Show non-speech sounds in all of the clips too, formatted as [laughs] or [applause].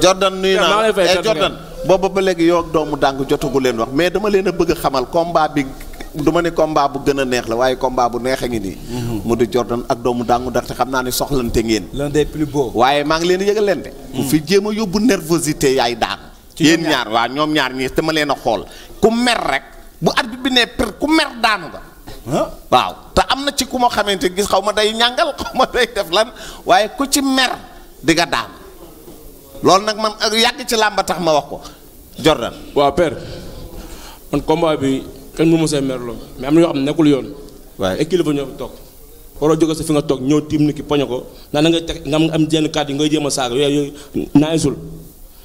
Jordan nuyu naa la eh, Jordan booba ba léegi yow ak doomu dàng jotagu leen wax mais dama leen a bëgg a xamal combat bi du ma ne combat bu gën a neex la waaye combat bu neex a ngi nii. Mhm. mu di Jordan ak doomu dàngu ndaxte xam naa ne soxlante ngeen. l'un waaye maa ngi leen di yëgal leen de. bu mhm. fi jéem a yóbbu nervosité yaay daan. ci yéen ñaar waaw ñoom ñaar ñii dama leen a xool ku mer rek bu arbitre bi ne per ku mer daanu nga. waaw te am na ci ku ma xamante gis xaw ma day ñàngal [laughs] ma day def waaye ku ci mer di nga loolu nag man ak yàgg ci làmba tax ma wax ko Jordan. waaw père man combat bi kenn mu mos a merloo mais am xam nekkul yoon. waaye ay kilifa ñoo fi toog waroo jóge sa fi nga toog ñëw tiim nit ki poñe ko naan na nga teg nga am jenn kàddu yi ngay jéem a saaga yooyu naa insul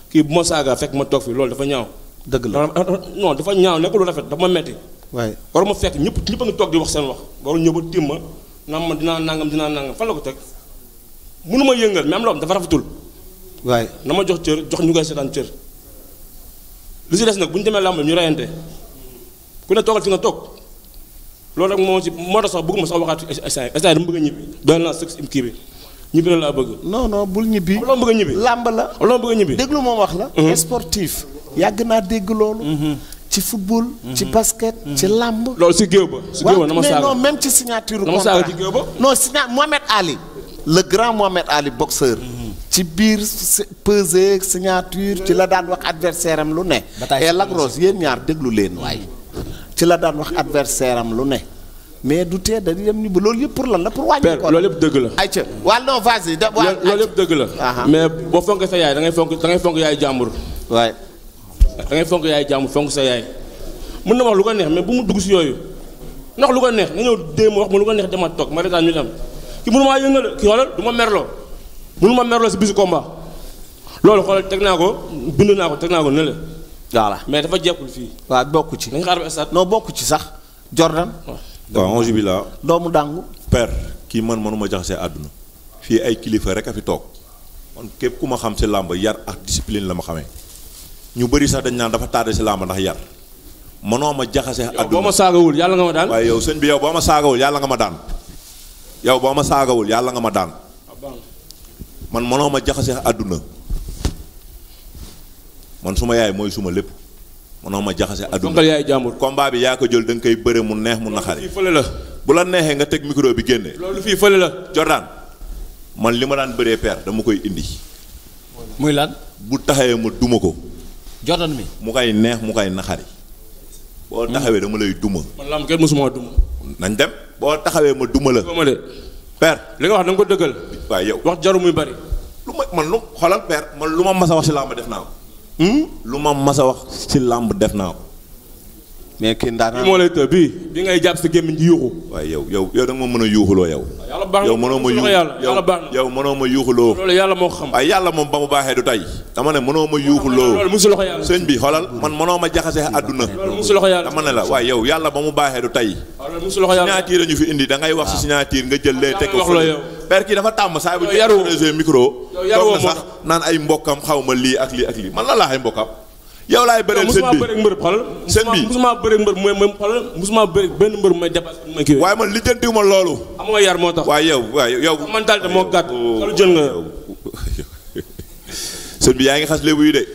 kii bu ma saaga fekk ma toog fi loolu dafa ñaaw. dëgg la ah, ah, ah, non dafa ñaaw nekkul lu rafet dafa ma metti waaye waruma fekk ñëpp ñëpp a ngi toog di wax seen wax waru ñëw ba tiim ma naan ma dinaa nangam dinaa nangam fan la ko teg mënu ma yëngal mais am loo xam dafa rafetul waaye na ma jox cër jox ñu koy seetaan cër li si des nag bu ñu demee làmb ñu reyante ku ne toogal fi nga toog loolu rek moo ci moo tax sax bëgguma sax waxaat instant instant dama bëgg a ñibbi doy naa sëg la laa bëgg. non non ñibbi. déglu moom wax la. Mhm. sportif yàgg naa dégg loolu. Mhm. ci football. ci mhm. basket. ci làmb. loolu si géew ba. si géew ba na ma saaga non même ci signature. contrat ci géew ba. non signa Mohamed Ali. le grand Mohamed Ali boxeur. ci biir pesée signature ci la daan wax adversaire am lu ne. et eh, Lac Rose yéen ñaar déglu leen waaye. ci la daan wax adversaire am lu ne. mais du tee dañuy dem ni ba loolu yëpp pour lan la pour wàññi ko. loolu yëpp dëgg la. y de dëgg la. mais boo fonk sa yaay da ngay fonk da fonk yaay jàmbur. waay. da ngay fonk yaay jàmbur fonk sa yaay. mën na wax lu ko neex mais bu mu dugg si yooyu. ndax lu ko neex nga ñëw dee ma wax ma lu ko neex dama toog ma retaan ñu dem ki du ma merloo. mënu ma merloo si bisu combat loolu xoolal teg naa ko bind naa ko teg naa ko ne la. mais dafa jekkul fii. waaw bokk ci dañu xaar ba bokk ci sax. Jordan. waaw onze bi la doomu dàngu. père kii man manuma jaxasee àdduna. fii ay kilifa rek a fi toog. man képp ku ma xam si làmb yar ak discipline la ma xame ñu bëri sax dañ naan dafa tardé si làmb ndax yar. mënoo ma jaxase àdduna yow boo ma saagawul yàlla nga ma daan. waaye yow sëñ bi yow boo ma saagawul yàlla nga ma daan. yow boo ma saagawul yàlla nga ma daan. man mënoo ma jaxase àdduna man suma yaay mooy suma lépp mënoo ma jaxase àdduna fonkal yaay jàmbur combat bi yaa ko jël da koy bëre mu neex mu naxari fële la bu la neexee nga teg mikro bi génne loolu fii fële la Jordan man li ma daan bëree per dama koy indi muy lan bu taxawee ma duma ko Jordan mi mu koy neex mu koy naxari boo hmm. taxawee dama lay duma man lam kenn mosuma duma nañ dem boo taxawee ma duma la père li nga wax da nga ko dëggal waaye yow wax jaru muy bari ma man lu xoolal père man lu ma mas a wax si làmb def naa ko. Hmm? lu ma mas a wax si làmb def naa ko. mais lay tëb bii bi ngay jàpp sa gémmiñ di yuuxu. waaye yow yow yow da ma mën a yuuxuloo yow. yaw baax na yow mënoo ma yuuxu yàlla baax na yow mënoo ma yuuxuloo. loolu yàlla moo xam. waaye yàlla moom ba mu baaxee du tey. dama ne mënoo ma yuuxuloo. loolu musu loxo yàlla sëñ bi xoolal man mënoo ma jaxase àdduna. loolu musu loxo yàlla dama ne la waaye yow yàlla ba mu baaxee du tey. waaw loolu musu loxo yàlla signature ñu fi indi da ngay wax si signature nga jël lee teg ko père kii dafa tàmm saa bu jëlee micro. toog na sax naan ay mbokkam xaw ma lii ak lii ak lii man la laa ay mbokkam. yow laay bëreel seen bi mbër xol seen bi musuma bëri mbër mooy mooy xol musuma bëri benn mbër mooy dépassé ma kii waaye man lijjantiwuma loolu amoo moo tax waaye yow waaye yow man daal de moo gàtt loolu oh, [laughs] seen bi yaa ngi xas lébu yi eh,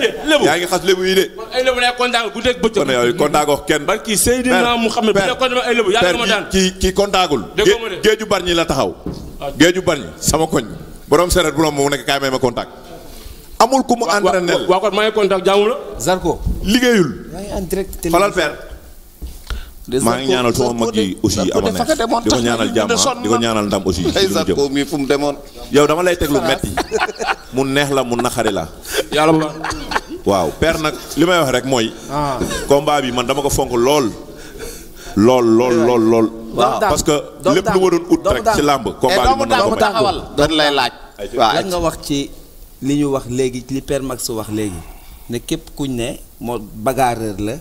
de lébu yaa ngi xas lébu yi de ay lébu kon yow kontaanoo kenn barki Seydina Muhammad bu dee kontaan ay ma daan kii kii kontaanul géeju bar ñi la taxaw géeju bari sama koñ borom seret bu romb mu nekk kaay may ma contact. amul ku mu entraîné waaw a kon maa ngi contact la. Zarko liggéeyul. falal fer maa ngi ñaanal sama mag yi aussi ama ne di ko ñaanal jàmm di ko ñaanal aussi ay Zarko fu mu demoon yow dama lay teg lu mu neex la mu naxari la yàlla waaw per nag li may wax rek mooy ah. combat bi man dama ko fonk lool lool lool lool lool. waaw parce que lépp lu waroon ut rek ci làmb. Eh, combat bi mën na ko taxawal dañ lay laaj. lan nga wax ci li ñu wax léegi ci li Père Max wax léegi ne képp kuñ ne moo bagarreur la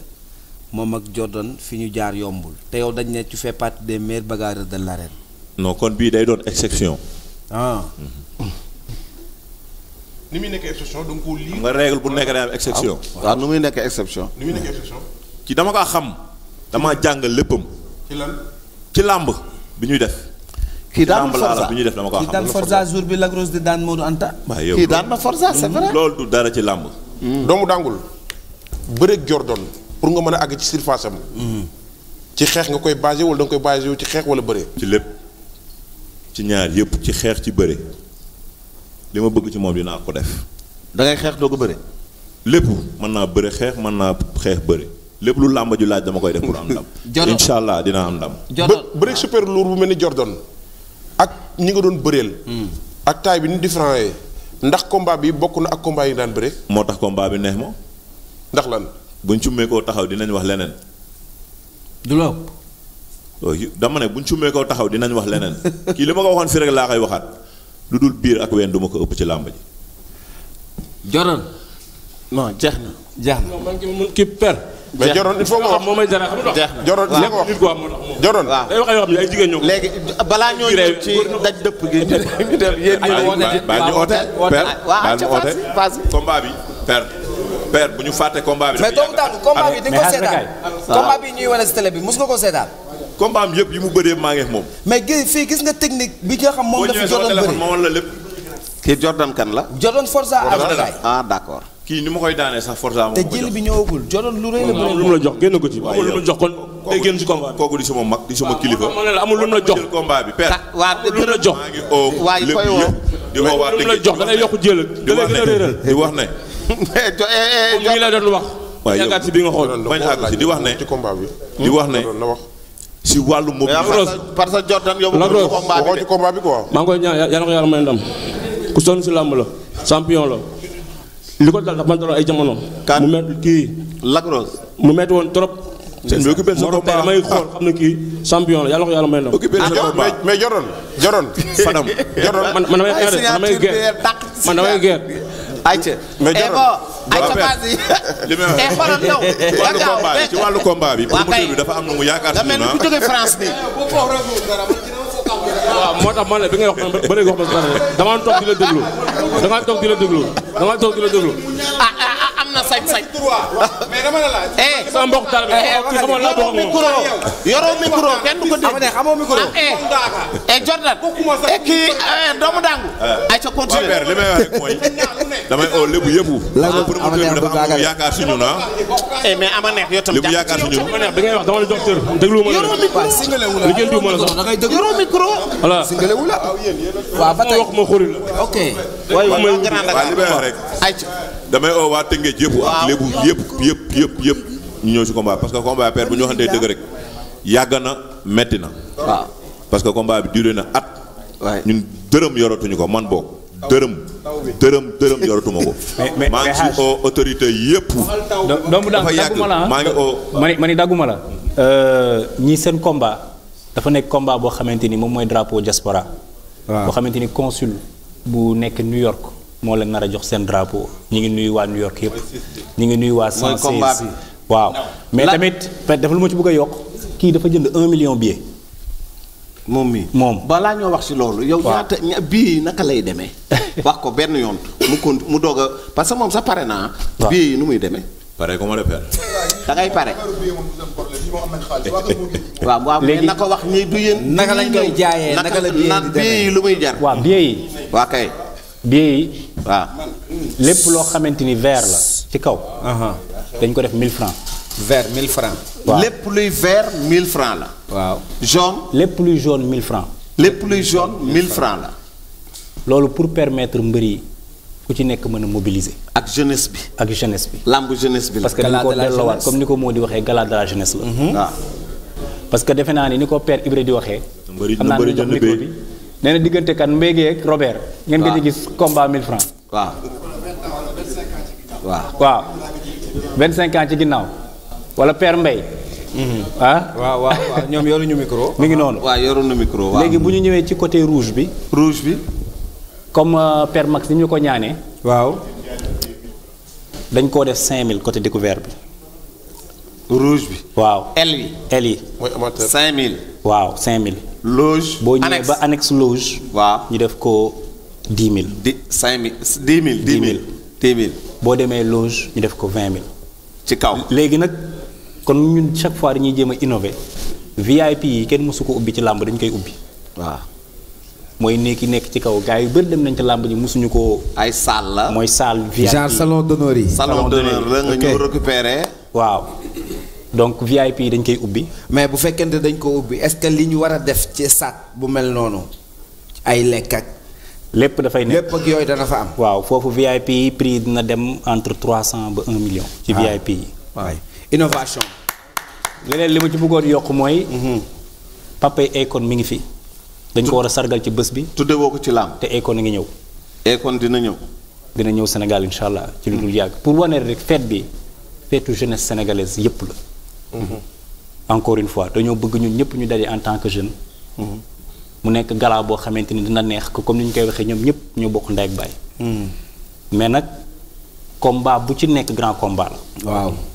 moom ak Jordan fi ñu jaar yombul te yow dañ ne ci fais partie des meilleurs bagarreurs de l'arène. non kon bii day doon exception. ah. Mhm. ni muy nekkee exception donc lii. nga règle bu nekk day am exception. Ah, waaw nu muy nekkee exception. ci dama ko xam. damaa jàng léppam. ci lan ci làmb bi ñuy def. kii daan na Forza bi def dama ko xam. kii daan Forza jour bi Lac Rose di daan Modou Anta. waaye kii daan na Forza c'est vrai. loolu du dara ci làmb. Hmm. doomu dàngul bëreeg Jordan pour nga mën a àgg ci surface am. Hmm. ci xeex nga koy basé wala da nga koy basé wu ci xeex wala bëre. ci lépp ci ñaar yëpp ci xeex ci bëre li ma bëgg ci moom dinaa ko def. da ngay xeex doo ko bëre. lépp mën naa bëre xeex mën naa xeex bëre. lépp lu làmba ju laaj dama koy def pour am ndam. [laughs] Jordan incha allah dina am ndam. Jordan bëri super lourd bu mel ni Jordan ak ñi nga doon bëreel. Hmm. ak taay bi ni différent yi ndax combat bi bokk na ak combat yi daan bëre. moo tax combat bi neex ma. ndax lan. buñ cummee koo taxaw dinañ wax leneen. du la oh, dama ne buñ cummee koo taxaw dinañ wax leneen [laughs] kii li ma ko waxoon fii rek laa koy waxaat lu dul biir ak wen duma ma ko ëpp ci làmb ji. Jordan. non jeex jeex na. mais Joroon il faut nga wax moo may dara xam nga. Joroon il faut nga wax Joroon. waaw day wax ay yoo xam ne ay jigéen ñoo ko. léegi balaa ñoo ñëw ci daj dëpp gi. ñu dem yéen ñu woote baal ñu oote. baal ñu oote combat bi père. père bu ñu fàtte combat bi. mais doomu daanu combat bi di nga ko seetaan. combat bi ñuy wane si télé bi mos nga ko seetaan. combat am yëpp yi mu bëree maa ngi ak moom. mais gis fii gis nga technique bi nga xam moom la fi Jordan bëree. kii Jordan kan la. Jordan Forza Alfayda ah d'accord kii ni ma koy daanee sax Forza moo te jël bi ñëwagul jotoon lu rëy la. bëri lu mu la jox génn ko ci amul lu mu la jox kon. day génn ci combat kooku di sama mag di sama ah, kilifa. amul lu mu la jox combat bi perte. waaw jox waay koy woo di woo waa lu mu la jox da lay yokk jël di wax ne di wax ne. [laughs] Eh, eh, mu ngi la doon wax. waay yow yàggaat si bi nga xool. bañ si di wax ne ci combat bi. di wax ne. si wàllu mobilisation. parce que ko ci maa ngi koy ñaan yàlla ko yàlla may ndam ku sonn si làmb la champion la li ko dal dafa man daloon ay jamono. kan mu met kii. Lagros. mu metti woon trop. seen bi occupé sa combat damay xool xam ne kii champion la ko yàlla may ndam. man damay xeex man damay geer. ayca mais Jordan li may wax ci wàllu bi. dafa am na mu yaakaar si ñu waaw moo tax man ne bi ngay wax man ba léegi wax ma dama toog di la déglu dama toog di la déglu dama toog di la déglu ah, na sañ-sañ. mais dama la laaj. Eh, sama mbokk taal bi eh, eh, yoroo micro yoroo kii doomu dangu. ay ca continué li may wax damay oo lébu yëpp. la nga amaneex bu yaakaar suñu na. Ah. mais amaneex yow tam yaakaar suñu. amaneex bi ngay wax dama la docteur déglu ma la. yoroo micro li ngeen diw ma la sax. yoroo micro. voilà singale wu la. waaw ba tey wax ma xuri la. ok. waaye wax ma grand Dakar waaw li may rek. ay ca damay oo waa Tëngéej yëpp ak lébu yëpp yëpp yëpp yëpp ñu ñëw si combat parce que combat père bu ñu waxantee dëgg rek yàgg na metti na waaw parce que combat bi duré na at ñun dërëm yoratuñu ko man boog dërëm dërëm dërëm yoratuma ko [laughs] maa ngi si au autorité yëpp doomu daan dagguma la maa ngi au ma ni dagguma la euh, ñii seen combat dafa nekk combat boo xamante ni moom mooy drapeau diaspora boo xamante ni consul bu nekk New York moo la nar a jox seen drapeau ñu ngi nuyu waa New York yëpp ñu ngi nuyu waa 116 waaw mais tamit dafa lu ma ci bëgg yokk kii dafa jënd un million moom mi moom balaa ñoo wax si loolu yow ñaata naka lay demee [laughs] wax ko benn yoon mu kon mu doog parce que moom sa pare naa billet yi nu muy demee pare ko ma def da pare waaw waaw mais na ko wax ñii du yéen naka lañ koy jaaye naka la billet yi lu muy jar waaw billet yi waa kay billet yi waaw lépp loo xamante ni vert la ci kaw. dañ ko def 1000 francs vert 1000 francs waaw lépp luy vert mille francs la. waaw jaune. lépp luy jaune 1000 francs lépp luy jaune 1000 francs la. loolu pour permettre mbër yi ku ci nekk mën a mobiliser. ak jeunesse bi. ak jeunesse bi. lamb jeunesse bi la. parce que dañ ko comme ni ko moo waxee gala de la jeunesse la. Mhm. waaw defe naa ni ni ko père Ibrahima di waxee. mbëri mbëri jënd bi xam naa bi. nee na diggante kan Mbengue ak Robert. ngeen gën a gis combat 1000 francs waaw waaw waaw vingt cinq ginnaaw wala Père Mbaye mm-hmm. ah waaw waaw ñoom yoruñu micro mi ngi noonu waaw yoruñu micro léegi bu ñu ñëwee ci côté rouge bi rouge bi comme euh, Père Max ni ñu ko ñaanee waaw dañ koo def 5000 côté découvert bi rouge bi waaw L yi L yi mooy waaw 5000 loge boo ñëwee ba annexe loge waaw ñu def ko dix mille. di cinq mille dix mille. dix mille dix mille. boo demee loge ñu def ko vingt mil ci kaw léegi nag kon ñun chaque fois dañuy jéem a innover. VIP yi kenn mësu ko ubbi ci làmb dañ koy ubbi. waaw mooy néeg yi nekk ci kaw gars yu dem nañ ci làmb ji mësuñu ko. ay salle la mooy salle. VIP genre salon d'honneur yi. salon d'honneur la nga ñëw récupérer. waaw. donc VIP yi dañ koy ubbi. mais bu fekkente dañ ko ubbi est-ce que li ñu war a def ci sat bu mel noonu ay lekk ak. lépp dafay nekk lépp ak yooyu dana fa am. waaw foofu VIP yi prix dina dem entre trois cent ba un million. ci ah. VIP yi waaye innovation. leneen li ma ci bëggoon yokk mooy. Mhm. Papay Akon mi ngi fi. dañ ko war a sargal ci bés bi. tudde woo ko ci laam. te Akon a ngi ñëw. Akon dina ñëw. dina ñëw Sénégal incha allah ci lu dul mhm. yàgg pour wane rek fête bi feetu jeunesse sénégalaise yépp la. Mhm. encore une fois dañoo bëgg ñun ñëpp ñu daje en tant que jeune. mu nekk gala boo xamante ni dina neex ko comme ni ñu koy waxee ñoom ñëpp ñoo bokk ndey ak baay hmm. mais nag combat bu ci nekk grand combat la. waaw